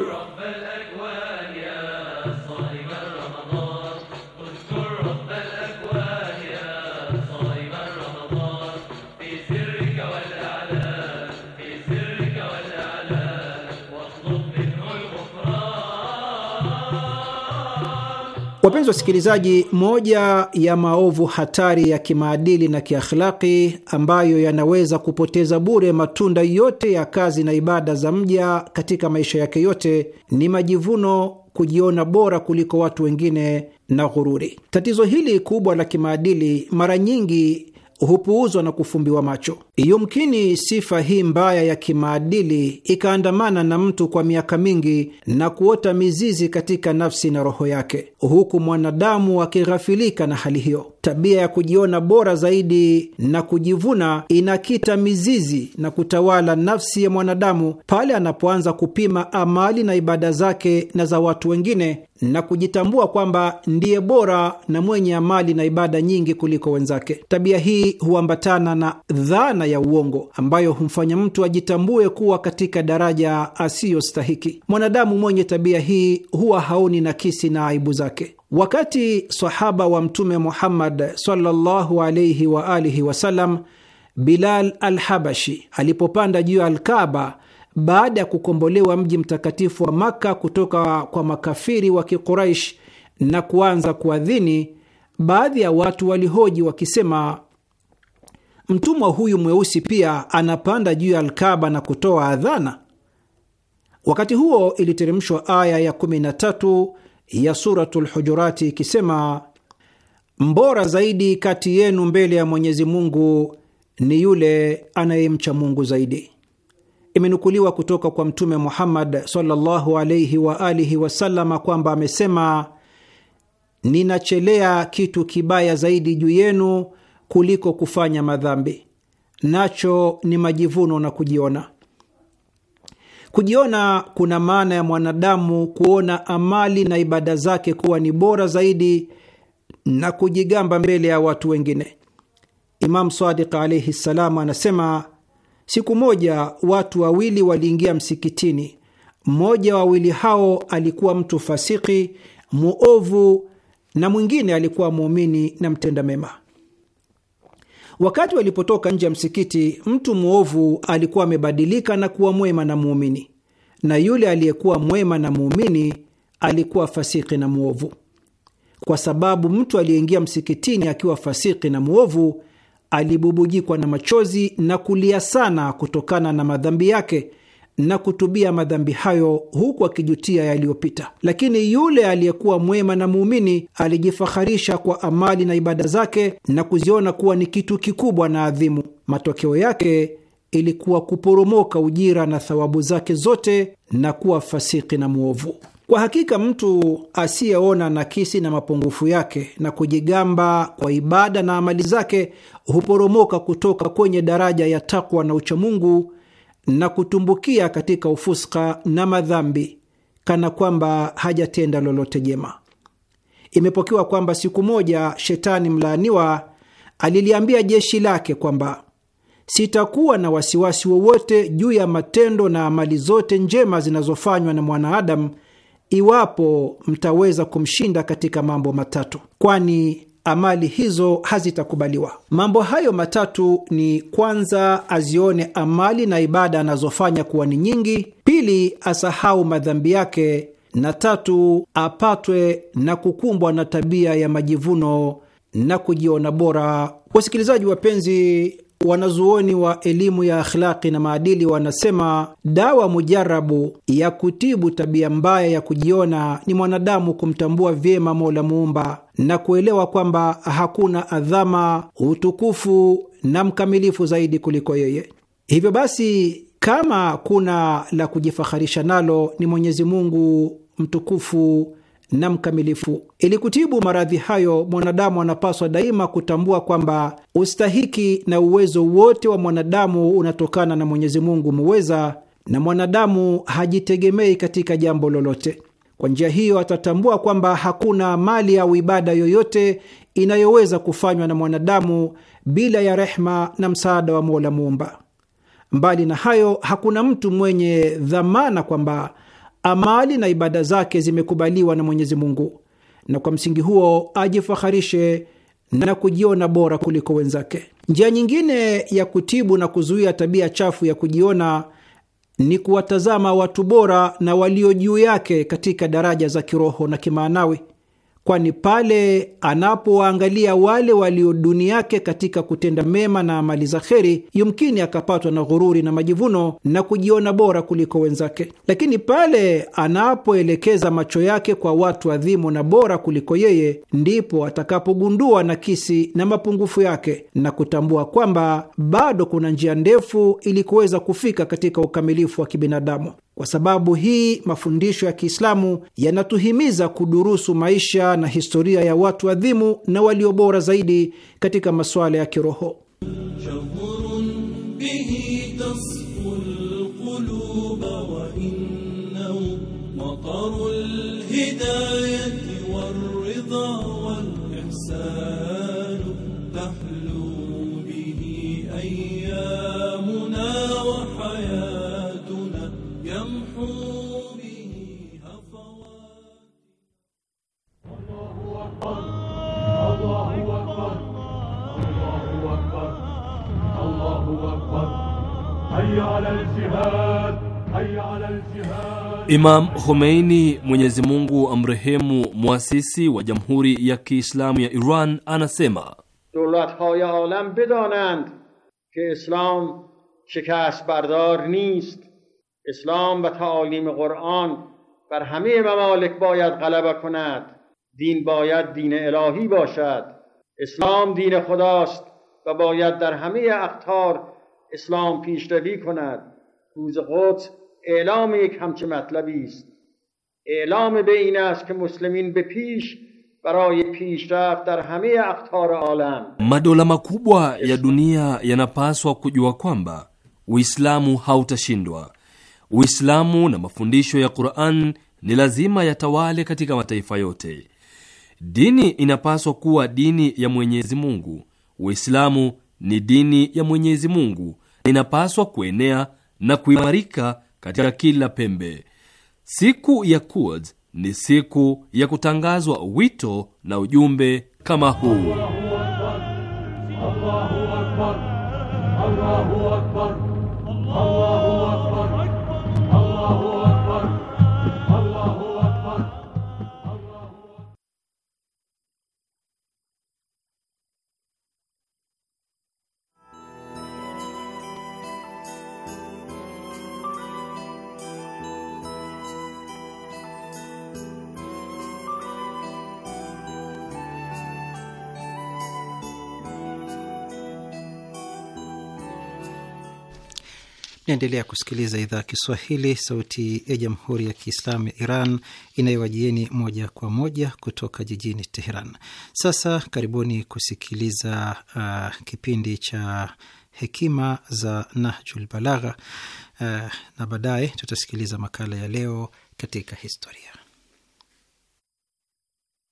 Wapenzi wasikilizaji, moja ya maovu hatari ya kimaadili na kiakhlaki ambayo yanaweza kupoteza bure matunda yote ya kazi na ibada za mja katika maisha yake yote ni majivuno, kujiona bora kuliko watu wengine na ghururi. Tatizo hili kubwa la kimaadili mara nyingi hupuuzwa na kufumbiwa macho. Yumkini sifa hii mbaya ya kimaadili ikaandamana na mtu kwa miaka mingi na kuota mizizi katika nafsi na roho yake, huku mwanadamu akighafilika na hali hiyo tabia ya kujiona bora zaidi na kujivuna inakita mizizi na kutawala nafsi ya mwanadamu pale anapoanza kupima amali na ibada zake na za watu wengine na kujitambua kwamba ndiye bora na mwenye amali na ibada nyingi kuliko wenzake. Tabia hii huambatana na dhana ya uongo ambayo humfanya mtu ajitambue kuwa katika daraja asiyostahiki. Mwanadamu mwenye tabia hii huwa haoni nakisi na aibu zake. Wakati sahaba wa Mtume Muhammad sallallahu alaihi wa alihi wasallam Bilal Alhabashi alipopanda juu ya Alkaba baada ya kukombolewa mji mtakatifu wa Makka kutoka kwa makafiri wa Kiquraish na kuanza kuadhini, baadhi ya watu walihoji wakisema, mtumwa huyu mweusi pia anapanda juu ya Alkaba na kutoa adhana? Wakati huo iliteremshwa aya ya ya Suratul Hujurati ikisema, mbora zaidi kati yenu mbele ya Mwenyezi Mungu ni yule anayemcha Mungu zaidi. Imenukuliwa kutoka kwa Mtume Muhammad sallallahu alaihi wa alihi wasallama kwamba amesema, ninachelea kitu kibaya zaidi juu yenu kuliko kufanya madhambi, nacho ni majivuno na kujiona Kujiona kuna maana ya mwanadamu kuona amali na ibada zake kuwa ni bora zaidi na kujigamba mbele ya watu wengine. Imam Sadiq alaihi ssalam anasema, siku moja watu wawili waliingia msikitini. Mmoja wa wawili hao alikuwa mtu fasiki muovu, na mwingine alikuwa muumini na mtenda mema. Wakati walipotoka nje ya msikiti, mtu mwovu alikuwa amebadilika na kuwa mwema na muumini, na yule aliyekuwa mwema na muumini alikuwa fasiki na mwovu, kwa sababu mtu aliyeingia msikitini akiwa fasiki na mwovu alibubujikwa na machozi na kulia sana kutokana na madhambi yake na kutubia madhambi hayo huku akijutia yaliyopita. Lakini yule aliyekuwa mwema na muumini alijifaharisha kwa amali na ibada zake na kuziona kuwa ni kitu kikubwa na adhimu. Matokeo yake ilikuwa kuporomoka ujira na thawabu zake zote na kuwa fasiki na mwovu. Kwa hakika mtu asiyeona nakisi na mapungufu yake na kujigamba kwa ibada na amali zake huporomoka kutoka kwenye daraja ya takwa na uchamungu na kutumbukia katika ufuska na madhambi, kana kwamba hajatenda lolote jema. Imepokewa kwamba siku moja shetani mlaaniwa aliliambia jeshi lake kwamba sitakuwa na wasiwasi wowote juu ya matendo na amali zote njema zinazofanywa na mwanaadamu iwapo mtaweza kumshinda katika mambo matatu, kwani amali hizo hazitakubaliwa. Mambo hayo matatu ni kwanza, azione amali na ibada anazofanya kuwa ni nyingi; pili, asahau madhambi yake; na tatu, apatwe na kukumbwa na tabia ya majivuno na kujiona bora. Wasikilizaji wapenzi, wanazuoni wa elimu ya akhlaki na maadili wanasema dawa mujarabu ya kutibu tabia mbaya ya kujiona ni mwanadamu kumtambua vyema Mola muumba na kuelewa kwamba hakuna adhama, utukufu na mkamilifu zaidi kuliko yeye. Hivyo basi, kama kuna la kujifaharisha nalo ni Mwenyezi Mungu mtukufu na mkamilifu. Ili kutibu maradhi hayo, mwanadamu anapaswa daima kutambua kwamba ustahiki na uwezo wote wa mwanadamu unatokana na Mwenyezi Mungu muweza, na mwanadamu hajitegemei katika jambo lolote. Kwa njia hiyo, atatambua kwamba hakuna mali au ibada yoyote inayoweza kufanywa na mwanadamu bila ya rehma na msaada wa Mola Muumba. Mbali na hayo, hakuna mtu mwenye dhamana kwamba amali na ibada zake zimekubaliwa na Mwenyezi Mungu, na kwa msingi huo ajifaharishe na kujiona bora kuliko wenzake. Njia nyingine ya kutibu na kuzuia tabia chafu ya kujiona ni kuwatazama watu bora na walio juu yake katika daraja za kiroho na kimaanawi kwani pale anapowaangalia wale walio duni yake katika kutenda mema na amali za kheri, yumkini akapatwa na ghururi na majivuno na kujiona bora kuliko wenzake. Lakini pale anapoelekeza macho yake kwa watu adhimu na bora kuliko yeye, ndipo atakapogundua nakisi na mapungufu yake na kutambua kwamba bado kuna njia ndefu ili kuweza kufika katika ukamilifu wa kibinadamu. Kwa sababu hii, mafundisho ya Kiislamu yanatuhimiza kudurusu maisha na historia ya watu adhimu na waliobora zaidi katika masuala ya kiroho. الله هو القادر امام خمینی امرهمو مؤسسی و جمهوری اسلامی ایران آن اسما تولات های عالم بدانند که اسلام شکست بردار نیست اسلام و تعالیم قرآن بر همه ممالک باید غلبه کند دین باید دین الهی باشد اسلام دین خداست و باید در همه اقطار اسلام پیشروی کند روز قدس اعلام یک همچه مطلبی است اعلام به این است که مسلمین به پیش برای پیشرفت در همه اقطار عالم. مدوله makubwa ya dunia yanapaswa kujua kwamba Uislamu hautashindwa. Uislamu na mafundisho ya قرآن ni lazima yatawale katika mataifa yote. Dini inapaswa kuwa dini ya Mwenyezi Mungu. Uislamu ni dini ya Mwenyezi Mungu, inapaswa kuenea na kuimarika katika kila pembe. Siku ya Quds ni siku ya kutangazwa wito na ujumbe kama huu. Allahu Akbar, Allahu Akbar, Allahu Akbar. Naendelea kusikiliza idhaa ya Kiswahili, sauti ya jamhuri ya kiislamu ya Iran inayowajieni moja kwa moja kutoka jijini Teheran. Sasa karibuni kusikiliza uh, kipindi cha hekima za Nahjul Balagha uh, na baadaye tutasikiliza makala ya leo katika historia.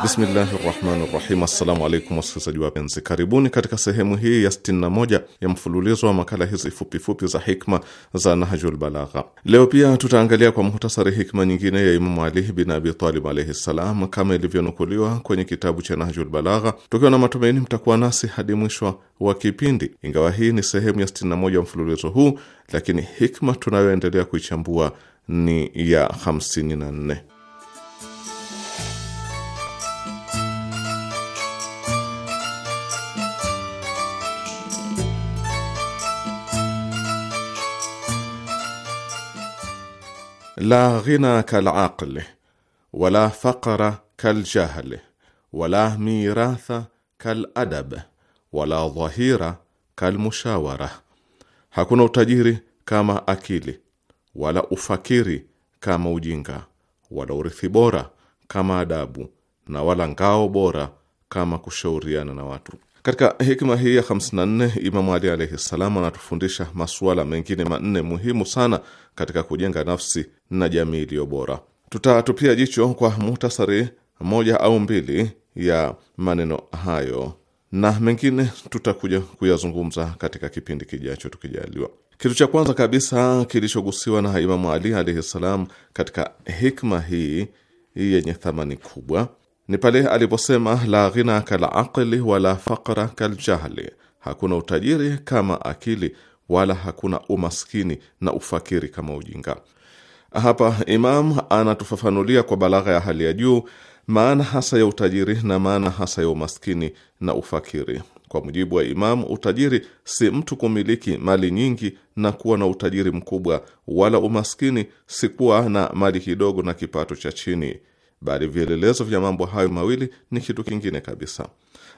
Bismillahi rahmani rahim. Assalamu alaikum wasikilizaji wapenzi, karibuni katika sehemu hii ya 61 ya mfululizo wa makala hizi fupifupi za hikma za Nahjul Balagha. Leo pia tutaangalia kwa muhtasari hikma nyingine ya Imamu Ali bin Abi Talib alaihi ssalam, kama ilivyonukuliwa kwenye kitabu cha Nahjul Balagha, tukiwa na matumaini mtakuwa nasi hadi mwisho wa kipindi. Ingawa hii ni sehemu ya 61 ya mfululizo huu, lakini hikma tunayoendelea kuichambua ni ya 54. la ghina kalaqli wala faqra kaljahli wala miratha kaladab wala dhahira kalmushawara, hakuna utajiri kama akili wala ufakiri kama ujinga wala urithi bora kama adabu na wala ngao bora kama kushauriana na watu. Katika hikma hii ya 54 Imamu Ali alaihi ssalam anatufundisha masuala mengine manne muhimu sana katika kujenga nafsi na jamii iliyo bora. Tutatupia jicho kwa muhtasari moja au mbili ya maneno hayo na mengine tutakuja kuyazungumza katika kipindi kijacho tukijaliwa. Kitu cha kwanza kabisa kilichogusiwa na Imamu Ali alaihi ssalam katika hikma hii yenye thamani kubwa ni pale aliposema la ghina kal aqli wala faqra kal jahli, hakuna utajiri kama akili wala hakuna umaskini na ufakiri kama ujinga. Hapa Imam anatufafanulia kwa balagha ya hali ya juu maana hasa ya utajiri na maana hasa ya umaskini na ufakiri. Kwa mujibu wa Imam, utajiri si mtu kumiliki mali nyingi na kuwa na utajiri mkubwa, wala umaskini si kuwa na mali kidogo na kipato cha chini bali vielelezo vya mambo hayo mawili ni kitu kingine kabisa.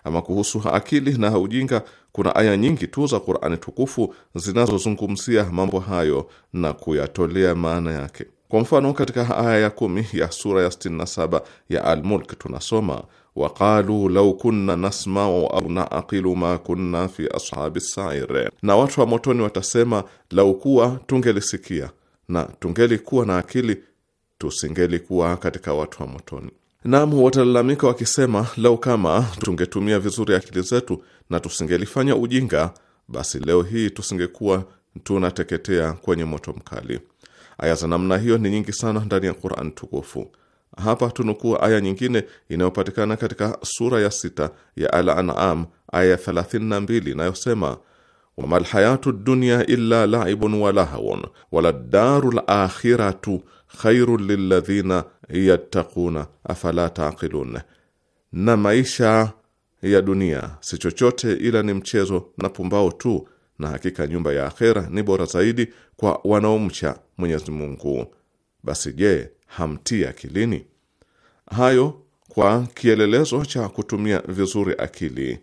Ama kuhusu akili na ujinga, kuna aya nyingi tu za Qur'ani tukufu zinazozungumzia mambo hayo na kuyatolea maana yake. Kwa mfano, katika aya ya kumi ya sura ya 67 ya almulk tunasoma waqalu lau kunna nasmau au naaqilu ma kunna fi ashabi sair, na watu wa motoni watasema lau kuwa tungelisikia na tungelikuwa na akili tusingelikuwa katika watu wa motoni. Naam, watalalamika wakisema, lau kama tungetumia vizuri akili zetu na tusingelifanya ujinga, basi leo hii tusingekuwa tunateketea kwenye moto mkali. Aya za namna hiyo ni nyingi sana ndani ya Qur'an tukufu. Hapa tunukuu aya nyingine inayopatikana katika sura ya sita ya Al-An'am aya ya 32 inayosema wamal hayatu dunya illa laibun wa lahawun wala darul akhiratu khairu lilladhina yattaquna afala taqilun, na maisha ya dunia si chochote ila ni mchezo na pumbao tu, na hakika nyumba ya akhera ni bora zaidi kwa wanaomcha Mwenyezi Mungu. Basi je, hamtii akilini? Hayo kwa kielelezo cha kutumia vizuri akili,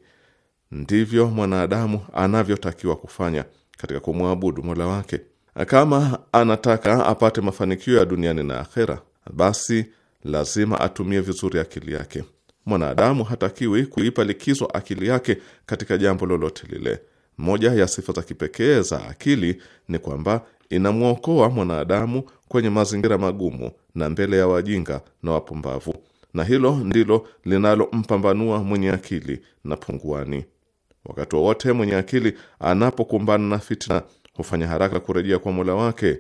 ndivyo mwanadamu anavyotakiwa kufanya katika kumwabudu Mola wake. Kama anataka apate mafanikio ya duniani na akhera, basi lazima atumie vizuri akili yake. Mwanadamu hatakiwi kuipa likizo akili yake katika jambo lolote lile. Moja ya sifa za kipekee za akili ni kwamba inamwokoa mwanadamu kwenye mazingira magumu na mbele ya wajinga na wapumbavu, na hilo ndilo linalompambanua mwenye akili na punguani. Wakati wowote mwenye akili anapokumbana na fitina hufanya haraka kurejea kwa Mola wake,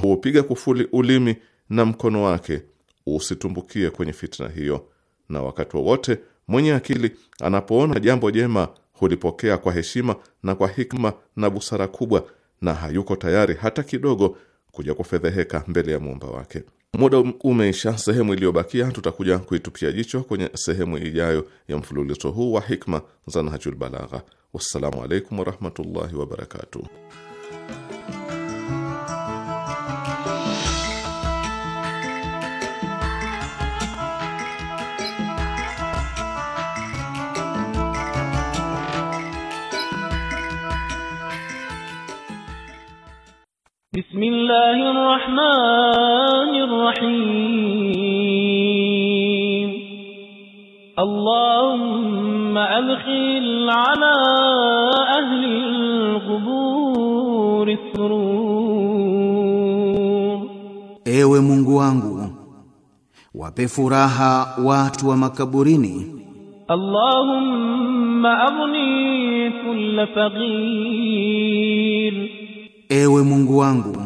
huupiga kufuli ulimi na mkono wake usitumbukie kwenye fitna hiyo. Na wakati wowote mwenye akili anapoona jambo jema hulipokea kwa heshima na kwa hikma na busara kubwa, na hayuko tayari hata kidogo kuja kufedheheka mbele ya muumba wake. Muda umeisha. Sehemu iliyobakia tutakuja kuitupia jicho kwenye sehemu ijayo ya mfululizo huu wa hikma za Nahjul Balagha. Wassalamu alaikum warahmatullahi wabarakatuh. بسم الله الرحمن الرحيم اللهم أدخل على أهل Ewe Mungu wangu, wape furaha watu wa makaburini. Allahumma aghni kull faqir, Ewe Mungu wangu,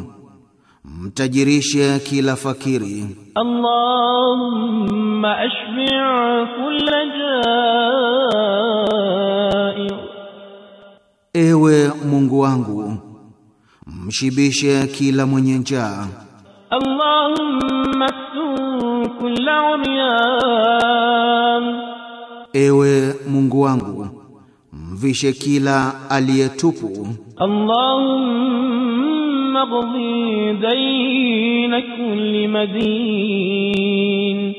mtajirishe kila fakiri. Allahumma ashbi' kull ja'i, Ewe Mungu wangu, mshibishe kila mwenye njaa. Allahumma sun kulla umyan, ewe Mungu wangu mvishe kila aliyetupu. Allahumma qdi dayna kulli madin,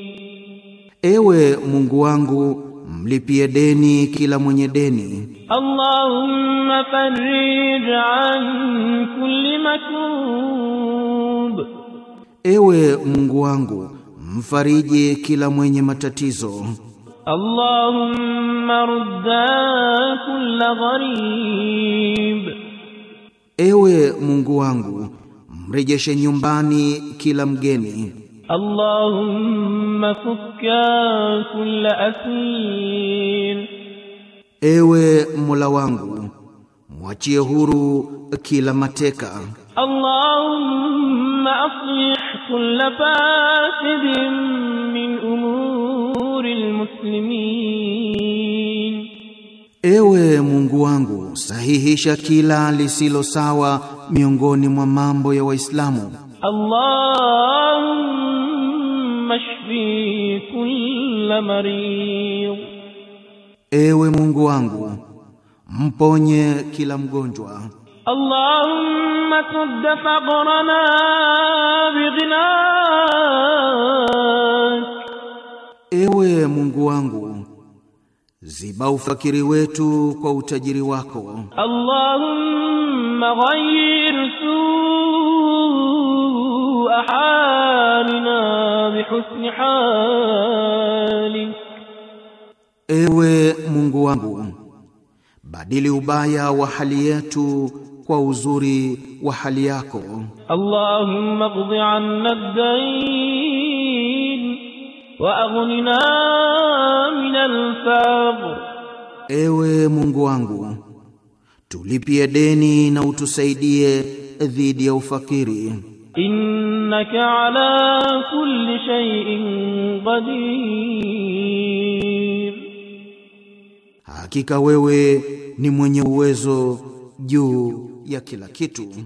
ewe Mungu wangu mlipie deni kila mwenye deni. Allahumma farij an kulli makruh Ewe Mungu wangu, mfariji kila mwenye matatizo. Allahumma rudda kulla gharib, Ewe Mungu wangu, mrejeshe nyumbani kila mgeni. Allahumma fukka kulla asir, Ewe Mola wangu, mwachie huru kila mateka. Allahumma aslih كل فاسد من أمور المسلمين Ewe Mungu wangu sahihisha kila lisilo sawa miongoni mwa mambo ya Waislamu. Allahumma shfi kulla marid. Ewe Mungu wangu mponye kila mgonjwa. اللهم سد فقرنا بغناك Ewe Mungu wangu ziba ufakiri wetu kwa utajiri wako. Allahumma ghayyir su'a halina bihusni hali. Ewe Mungu wangu badili ubaya wa hali yetu kwa uzuri wa hali yako. Allahumma qdi anna ad-dayn wa aghnina min al-faqr, ewe Mungu wangu tulipie deni na utusaidie dhidi ya ufakiri. Innaka ala kulli shay'in qadir, hakika wewe ni mwenye uwezo juu ya kila kitu.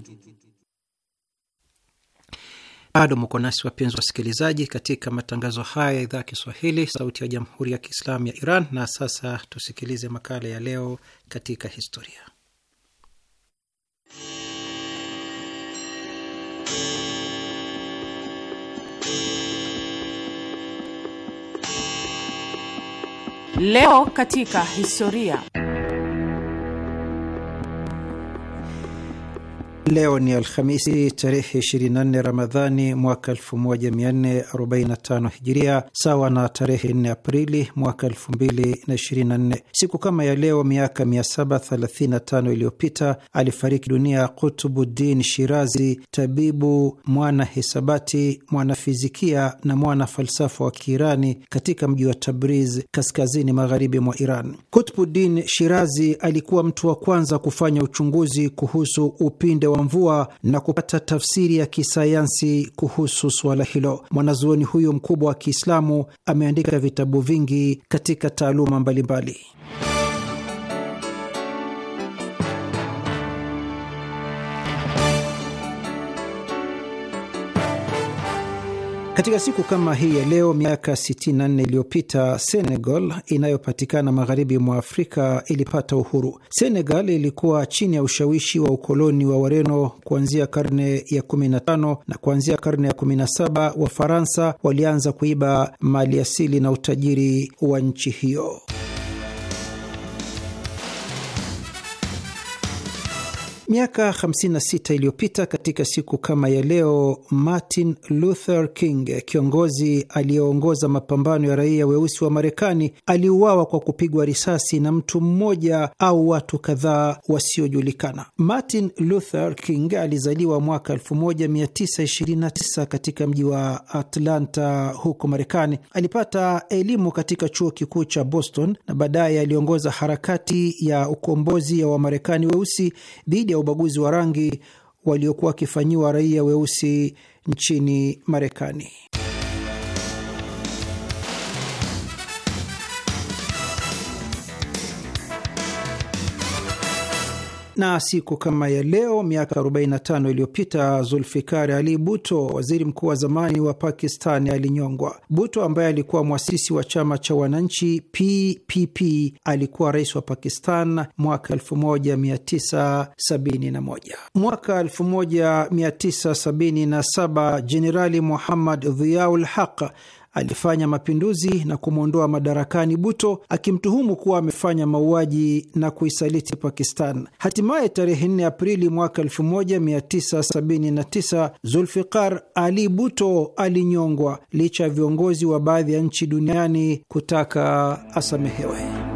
Bado mko nasi wapenzi wasikilizaji, katika matangazo haya ya idhaa ya Kiswahili, Sauti ya Jamhuri ya Kiislamu ya Iran. Na sasa tusikilize makala ya leo, katika historia. Leo katika historia Leo ni Alhamisi tarehe 24 Ramadhani mwaka 1445 Hijiria, sawa na tarehe 4 Aprili mwaka 2024. Siku kama ya leo miaka 735 iliyopita alifariki dunia Kutubuddin Shirazi, tabibu, mwana hisabati, mwanafizikia na mwana falsafa wa Kiirani katika mji wa Tabriz, kaskazini magharibi mwa Iran. Kutubuddin Shirazi alikuwa mtu wa kwanza kufanya uchunguzi kuhusu upinde wa wa mvua na kupata tafsiri ya kisayansi kuhusu suala hilo. Mwanazuoni huyo mkubwa wa Kiislamu ameandika vitabu vingi katika taaluma mbalimbali mbali. Katika siku kama hii ya leo miaka 64 iliyopita Senegal inayopatikana magharibi mwa Afrika ilipata uhuru. Senegal ilikuwa chini ya ushawishi wa ukoloni wa Wareno kuanzia karne ya 15 na kuanzia karne ya 17 Wafaransa walianza kuiba maliasili na utajiri wa nchi hiyo. Miaka 56 iliyopita katika siku kama ya leo, Martin Luther King, kiongozi aliyeongoza mapambano ya raia weusi wa Marekani, aliuawa kwa kupigwa risasi na mtu mmoja au watu kadhaa wasiojulikana. Martin Luther King alizaliwa mwaka 1929 katika mji wa Atlanta huko Marekani. Alipata elimu katika chuo kikuu cha Boston na baadaye aliongoza harakati ya ukombozi ya Wamarekani weusi dhidi ya ubaguzi wa rangi waliokuwa wakifanyiwa raia weusi nchini Marekani. Na siku kama ya leo miaka 45 iliyopita Zulfikari Ali Buto, waziri mkuu wa zamani wa Pakistani, alinyongwa. Buto ambaye alikuwa mwasisi wa chama cha wananchi PPP alikuwa rais wa Pakistan mwaka 1971. Mwaka 1977 Jenerali Muhammad Dhiaul Haq alifanya mapinduzi na kumwondoa madarakani Buto, akimtuhumu kuwa amefanya mauaji na kuisaliti Pakistan. Hatimaye tarehe 4 Aprili mwaka 1979 Zulfikar Ali Buto alinyongwa licha ya viongozi wa baadhi ya nchi duniani kutaka asamehewe.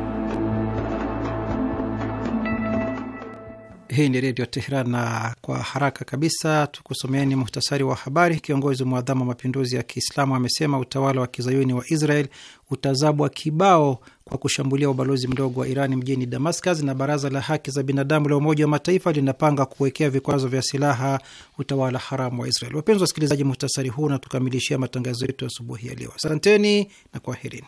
Hii ni Redio Teheran, na kwa haraka kabisa tukusomeeni muhtasari wa habari. Kiongozi mwadhamu wa mapinduzi ya Kiislamu amesema utawala wa kizayuni wa Israel utazabwa kibao kwa kushambulia ubalozi mdogo wa Iran mjini Damascus, na baraza la haki za binadamu la Umoja wa Mataifa linapanga kuwekea vikwazo vya silaha utawala haramu wa Israel. Wapenzi wasikilizaji, muhtasari huu natukamilishia matangazo yetu asubuhi ya leo. Asanteni na kwaherini.